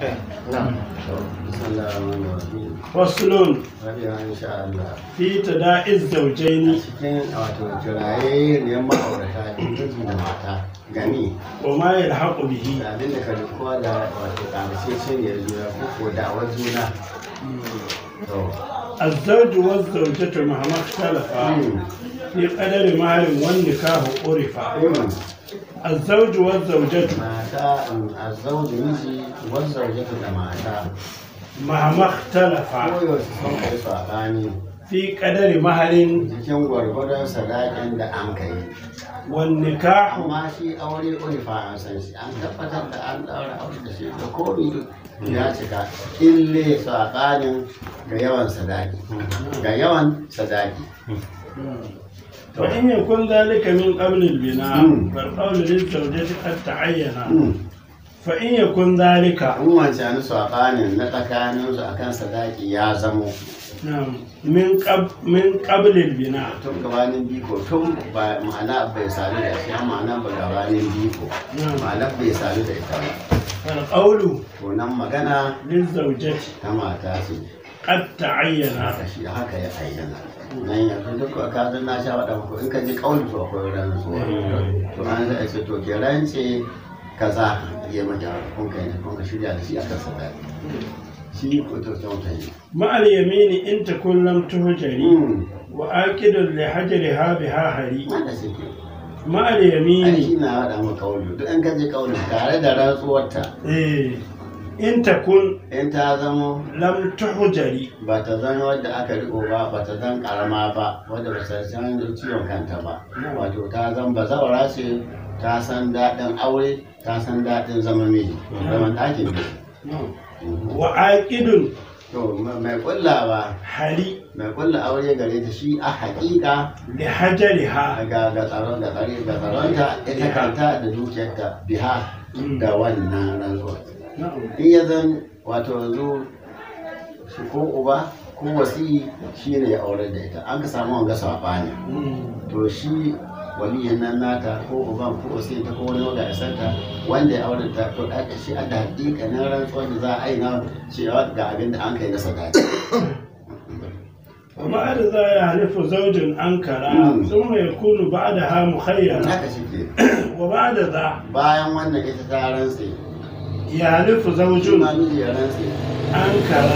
Eh, Wasulun. fi ta da'iz zaujaini cikin wato jiraye ne ma'aurata da mata gani wa ma ya haƙu bihi abin da ka da wato ƙarshe shi ko ko da wa juna الزوج والزوجة مهما اختلفا في قدر azzawju wa zawjatu mata azzawju da mata mahama ikhtalafa koyo sun kai sabani fi kadari jikin gwargwadon sadakin da an kai wanne ka amma shi aure urifa an san an tabbatar da an daura aure da shi da komi ya cika ille sabanin ga yawan sadaki فإن يكون ذلك من قبل البناء فالقول للزوجة قد تعين فإن يكون ذلك عموما سأنسوا أقانا نتكانوا أكان صداقي يا زمو min ƙabilin bina tun gabanin biko tun ma'ana bai sadu da shi ma'ana ba gabanin biko ma'ana bai sadu da ita ba alƙaulu to nan magana lil zaujati ta mata su qad ta'ayyana haka ya ayyana nan yanzu duk ka zan na sha faɗa muku in ka ji ƙaunin to akwai rantsuwa to an zai ce to ke rance kaza ya mata kun kai ne kun shirya da shi a kan sadaka shi ko to ta mutane ma'al yamini in ta kullam tuhjari hmm. wa aqidul li hajriha ha hari ma'al yamini shi na faɗa muku ƙaunin duk an ka ji ƙaunin tare da rantsuwarta eh in ta kun in ta zama lam tuhjari ba ta zama wadda aka riko ba ba ta zan karama ba wadda ba ta san ciwon kanta ba wato ta zan bazawara ce ta san daɗin aure ta san daɗin zama mai zaman ɗakin miji wa aqidun to mai ba. hali mai kulla aure gare ta shi a haƙiƙa. da hajariha ga ga tsaron ga tsare ga tsaronta ita kanta da dukiyarta biha da wannan ranzuwa in ya zan wato yanzu shi ko uba ko wasi shi ne ya aure da ita an ka samu wanga sabani to shi waliyan nan nata ko uban ko wasi ta ko wani waga isanta wanda ya aure ta to da shi a da na rantsuwar da za a yi na cewa ga abin da an kai na sadaki a da يحلف زوج أنكر ثم يكون بعدها ba da za. bayan wannan ita ta sai ya halifu zaujun an kara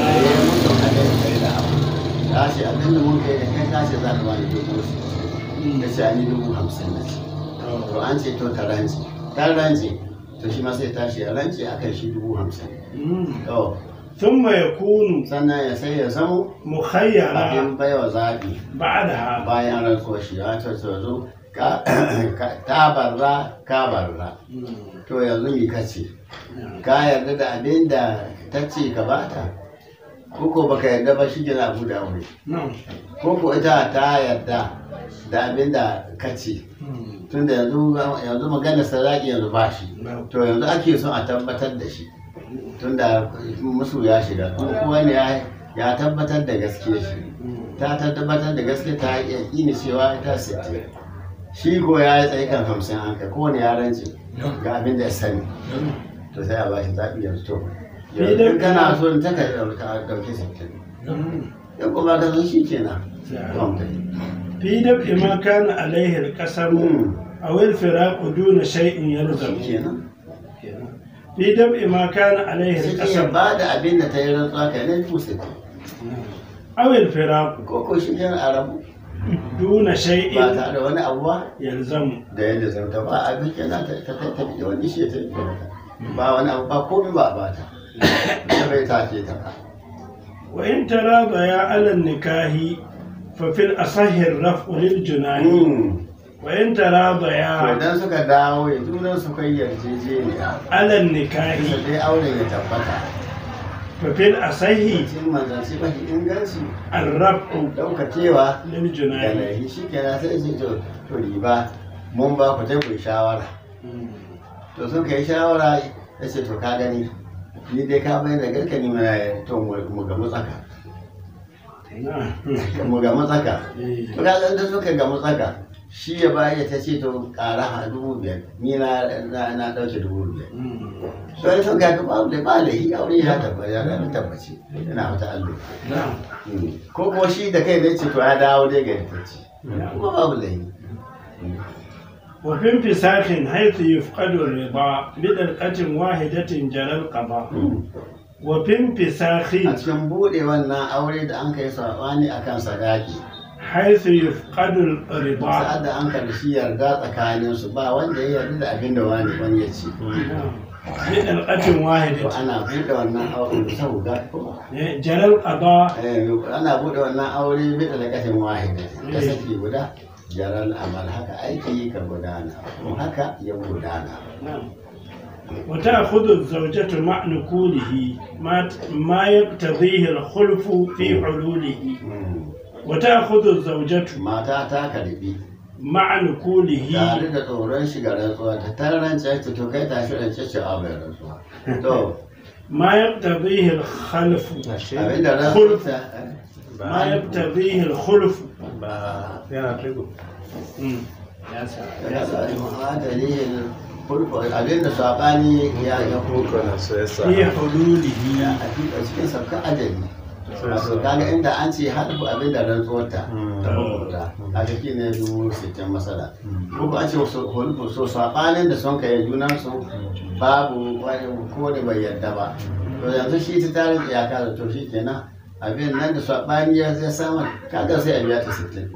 ya ce abin da mun kai da kai tashi za ka bani dubu su da hmm. ce an yi dubu hamsin na ce oh. to an ce to ta ranci. ta ranci. to shi ma sai tashi ya ranci a kan shi dubu hamsin hmm. Tun mai kunu sannan ya sai ya zamo muhayyara abin baiwa zaɓi ba'da bayan rantsuwa shi ya ta zo ka barra ka barra hmm. to yanzu mi kace ka yarda da abin da ta ce ka ba ta, ko baka yarda ba shi gina abu da aure ko ko ita ta yarda da abin da ka ce tun da yanzu magana saraki yanzu ba shi to yanzu ake son a tabbatar da shi tun da musu ya shiga kuma ne ya tabbatar da gaske shi ta tabbatar da gaske ta yaƙini cewa ta sitti shi ko ya yi tsaye kan hamsin an kai kowane yaranci ga abin da ya sani to sai a ba shi zaɓi yanzu to yanzu kana so ta ka kuma ka zo shi kenan fi da ma kana alaihir kasar a wil firaku duna shay'in yalzam kenan fi da ma kana alaihir kasar ba da abin da ta yi rantsuwa kai ne ku firaku ko ko shi arabu duna ba tare da wani abu yanzu da yanda ba abin kenan ta ta ta wani shi ta ba wani abu ba komai ba a bata ita bai ce ta ba wa in taraba ya alal nikahi fa fil asahir raf'u lil junani hmm. wa in taraba ya dan suka dawo ya tunan su kai yarjejeniya alal nikahi sai dai auren ya tabbata fa fil asahi cin ba ki inganci dauka cewa lil junani shi kenan sai ya ce to riba mun ba ku je ku shawara hmm. to suka yi shawara ya ce to ka gani ni dai ka bai da garka ni mai to mu ga matsaka mu ga matsaka to ka da suka ga matsaka shi ya baya ta ce to ƙara dubu biyar ni na ɗauke dubu biyar to ya sauka ga babu da ba da hi aure ya tabbaci yana wata allo ko ko shi da kai ne ce to ya dawo dai ga ta ce kuma babu da hi وفي انفساخ حيث يفقد الرضا بدرقة واحدة جرى القضاء وفي انفساخ أتكن بودي وانا أوريد أنك يسرقاني أكن سقاكي حيث يفقد الرضا سعد أنك بشي يرضا تكاني سبا وانا يريد أبين دواني وانا يتشي بدرقة واحدة وانا بودي وانا أريد سوقا جرى القضاء أنا بودي وانا أوريد بدرقة واحدة كسكي بودا jaran amal haka aiki ka gudana kuma haka ya gudana wata khudu zawjatu ma'nukulihi ma yaqtadhihi al-khulfu fi ululihi wata khudu zawjatu mata ta karbi ma'anukulihi tare da tsoron shiga rantsuwa ta tarran ce to kai ta shi rance ce a bai rantsuwa to ma yaqtadhihi al-khulfu abinda rantsuwa ma yaqtadhihi al-khulfu ba yana trigo ya abin da saɓani ya ya ya hududi ya a cikin sabka adali inda an ce abin da ta mm. mm. ne masala mm. an ce so da sun junan su babu ko da bai yarda ba to yanzu shi ta tarin iyaka da to shi kenan abin nan da saɓani ya zai samun kaga sai a biya ta sittin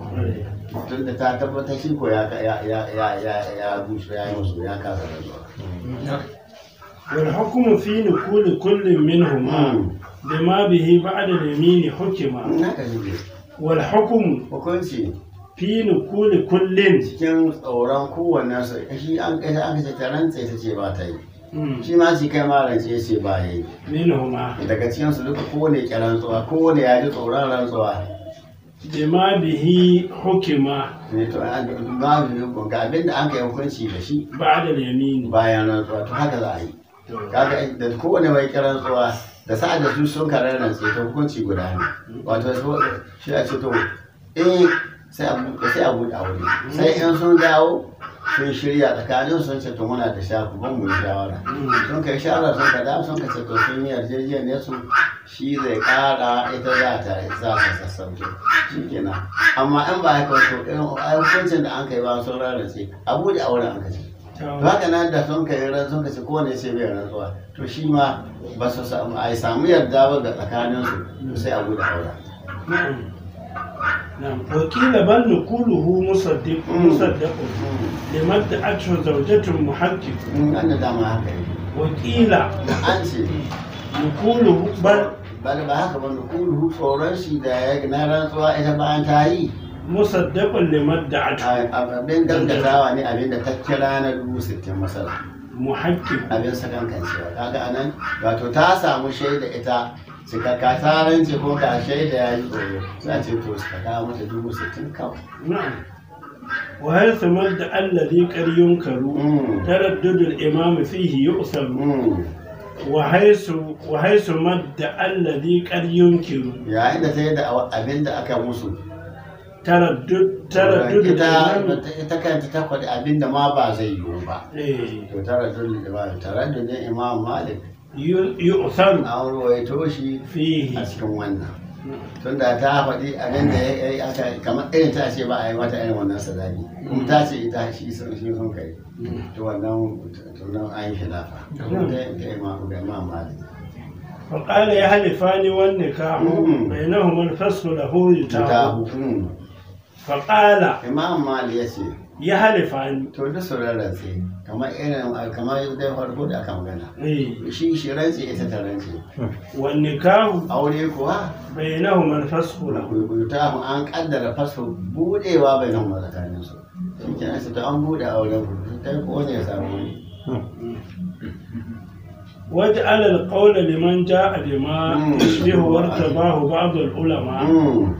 tun da ta tabbatar shi ko ya gushe ya yi musu ya kasa da zuwa wal hukumu fi nukuli kullum min huma bima hmm. bihi nemi ne hukuma wal hukumu hukunci fi nukuli kullum cikin tsoron kowanne su shi an kace an kai taran sai ta ce ba ta yi Hmm. shi ma shi kai malam ce ce ba yayi daga cikin su duka kowane kiran zuwa kowane ya ji tsoron rantsuwa jama bihi hukima ne eh, to ba mu ga abin da an kai hukunci da shi ba da yamini bayan rantsuwa to haka za a yi kaga da kowane mai kiran zuwa da sa da su sun karar rantsi to hukunci guda ne hmm. wato shi a ce to eh sai a buɗe aure sai in sun dawo sun shirya tsakanin sun ce to muna da shafi ban mu shawara sun kai shawara sun ka da sun ka ce to sun yi ne su shi zai kara ita za ta za ta sassauke shikenan amma in ba haka to irin hukuncin da an kai ba sun rarrace abu da auren an kace to haka nan da sun kai ran sun kace ne sai bai rantsuwa to shi ma ba su samu samu yarda ba ga tsakanin su sai abu da auren وكيل بل نقوله مصدق مصدق لمد أجر زوجة محقق أنا دام وكيل أنت نقوله بل بل بهاك بل نقوله فورنسي دا يجنران سواء إذا ما أنت هاي مصدق لمد دعته أبين دم دعوة أني أبين دكتلا أنا دوستي مثلا muhakkim abin sakan kan cewa kaga anan wato ta samu shaida cika ka tarin ce ko ga shaida ya yi tsoro za ce to ka kawo mata dubu sittin karu. Tarar سمد الذي قد ينكر تردد الإمام فيه يؤثر وحيث وحيث مد الذي قد ينكر يا عند سيد أبين دا أكا موسو taraddud taraddud ita kanta ta faɗi abinda ma ba zai yiwu ba eh. to tarar da ba taraddud imam malik yu'san an ruwaito shi fihi a cikin wannan tunda ta faɗi abin da ya yi aka kamar irin ta ce ba a yi mata irin wannan sadaki kuma ta ce ita shi sun shi sun kai to wannan tunan an yi da ya halifa ni to da saurara sai kamar irin kamar yadda farko da aka magana eh. shi shi rantsi ita ta rantsi wanne kawo aure kuwa bai na humar fasfo na ta mu an kaddara fasfo budewa bai nan ba tsakanin su shi kenan su ta an bude auren ku ta ko ne ya samu ne واجعل القول لمن جاء بما تشبه وارتباه بعض ulama. Hmm.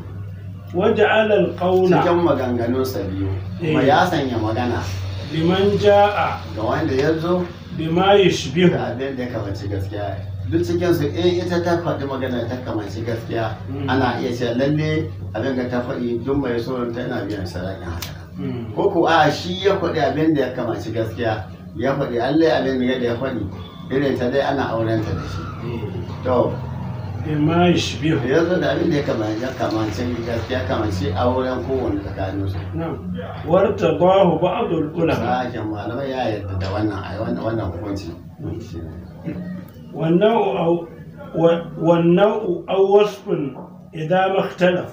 alal alqawla cikin maganganun sa biyu kuma ya eh. sanya magana liman ja'a ga wanda ya zo bima yushbihu abin da ya kamanci gaskiya duk cikin su in eh, ita ta faɗi magana ta kamanci gaskiya hmm. ana iya cewa lalle abin da ta faɗi duk mai tsoron ta yana biyan sadakin haka hmm. ko ko a shi ya faɗi abin da ya kamanci gaskiya ya faɗi allai abin da ya faɗi irin ta dai ana auren ta da shi eh. to ma yashbihu yanzu da abin da ya kamance ya kamance ya kamance auren kowanne tsakanin su warta bahu ba'dul ulama sakin malamai ya yarda da wannan ai wannan hukunci wannan wannan aw wasfun إذا ما اختلف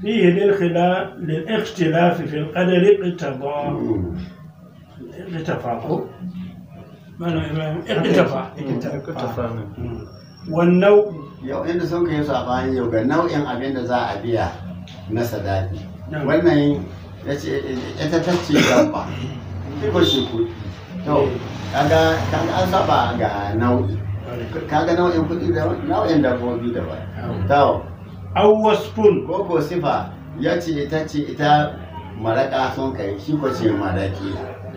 فيه للخلاف للاختلاف في القدر اقتضاء اقتفاء ما إبراهيم اقتفاء اقتفاء wannan yau inda sun kai sabani yau ga nau'in abin da za a biya na sadaki wannan ya ce ita ta ce gaba shi ba shi kuɗi to eh. kaga kaga an saba ga nau'i kaga nau'in kuɗi da nau'in dabbobi da ba to Spoon ko ko sifa ya ce ita ce ita maraka sun kai shi ko ce maraki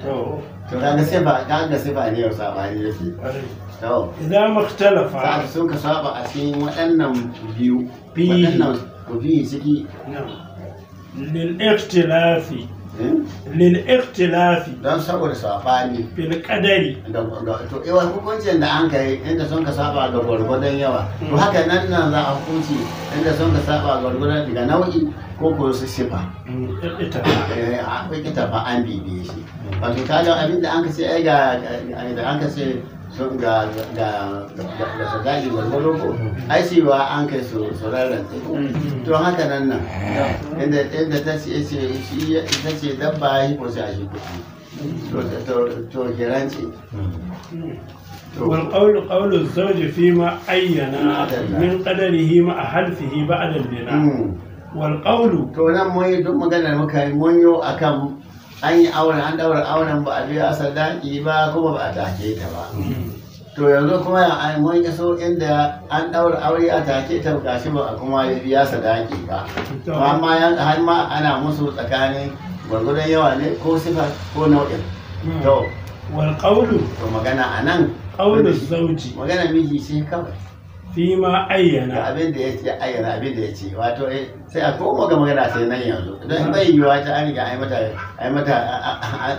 to kaga sifa kaga sifa ne yau sabani yake to idan talafa. sai sun ka saba a cikin waɗannan biyu waɗannan ku biyu ciki lil ikhtilafi Hmm? lil ikhtilafi don saboda safani fil qadari to yawa eh, hukuncin da an kai inda son ka saba ga gwargwadon yawa to hmm. haka nan nan za a hukunci inda son ka saba ga gwargwadon daga nau'i ko ko su sifa hmm, eh, ita ba an bibiye shi wato kaga abinda an ka ce ga da an ka ce ga sadaki gwargwado ko ai sai an kai su sauraron to haka nan nan inda ta ce ta ce dabba yi ko sai a shi kuɗi to kiran ce والقول قول الزوج فيما عين من قدره مع حلفه بعد البناء والقول to nan mun duk maganar muka yi munyo akan an yi auren an daura auren ba a biya sadaki ba kuma ba a take ta ba to yanzu kuma ya an mun iso inda an daura aure a take ta ga shi ba kuma ya biya sadaki ba amma har ma ana musu tsakanin gwargwadon yawa ne ko sifa ko nau'in hmm. to wal qawlu to magana anan qawlu zawji magana miji shi kawai fi ma ayyana ga abin da ya ce ayyana abin da ya ce wato sai a koma ga magana sai nan yanzu don bai yiwa ta an riga ai mata ai mata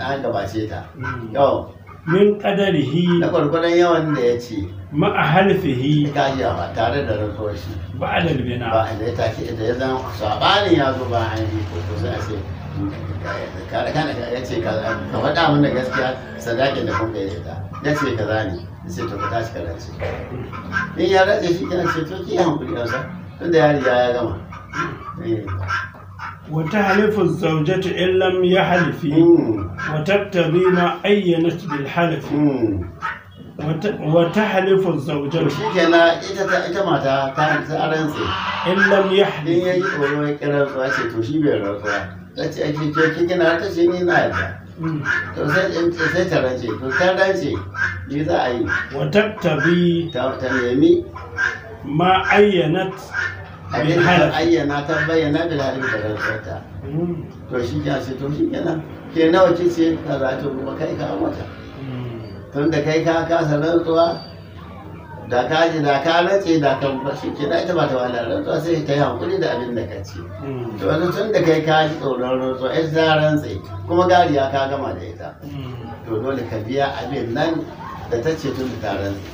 an gabace ta yau min qadarihi da gwargwadon yawan da ya ce ma a halfihi ka yi ba tare da rantsuwar shi ba a dalbina ba a zai tafi take da ya zama sabanin ya zo ba a yi ko sai a ce ka da kana ya ce ka faɗa mana gaskiya sadakin da kuma ya gaire ta ya ce ka ne sai ta fata in ya rage shi kana ce to ki hankuri kansa tunda ya riga ya gama eh. wata halifin zaujatu in lam ya وتقتضي ما أينت بالحلف وتحلف الزوجة إن لم يحلف to sai ta rance to ta rance ni za a yi watattabi ta nemi ma ayyanat abin da ayyana ta bayyana da halin da rantsarta hmm. to shi ya ce to shi kenan ke nawa ce kice ka zato kuma kai ka amata hmm. tun da kai ka kasa rantsuwa da ka ji da ka rantse da kan bashi ke da ita ba ta wani rantsuwa sai ta yi hankuli da abin da ka ce to wani tun da kai ka ji tsoron rantsuwa ai za rantse kuma gariya ka gama da ita to dole ka biya abin nan da ta ce tun da ta rantse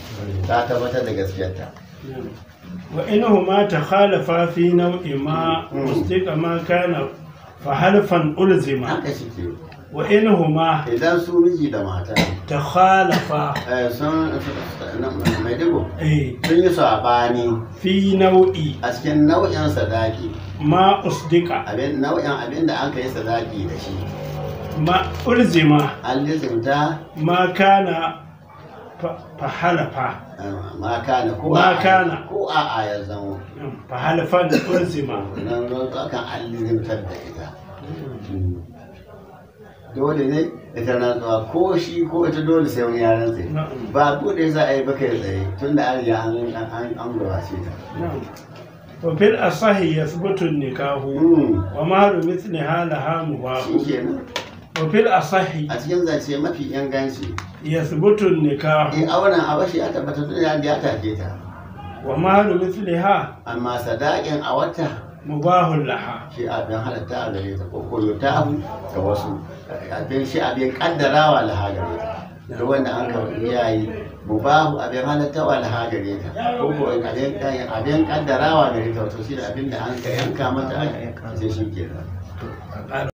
ta tabbatar da gaskiyarta wa ta khalafa fi nau'i ma ma kana fa halfan ulzima haka shi ke wa ma idan su miji da mata ta khalafa sun mai digo sun yi sabani fi nau'i a cikin nau'in sadaki ma usdika abin nau'in abin da aka yi sadaki da shi ma ulzima allizimta ma kana fahalafa ma kana ko ma kana ko a a ya zama fahalafan ulzima nan kan allizimtar da ita dole ne ita zuwa ko shi ko ita dole sai wani ya sai ba bude za a yi baka tsaye tun da an riga an an gabace ta to fil asahi yasbutu nikahu hmm. wa maru mithli halaha mubahu shikenan to fil asahi a cikin zance mafi inganci yasbutu nikahu eh auren bashi a tabbatar da ya ke ta wa maru ne ha amma sadakin a wata mubahun laha shi abin halatta a gare ta ko koyo ta abu da wasu abin shi abin wa laha gare ta da wanda an ka yayi mubahu abin halatta wa laha gare ta ko ko abin wa gare ta wato shi abin da an ka yanka mata sai shi kenan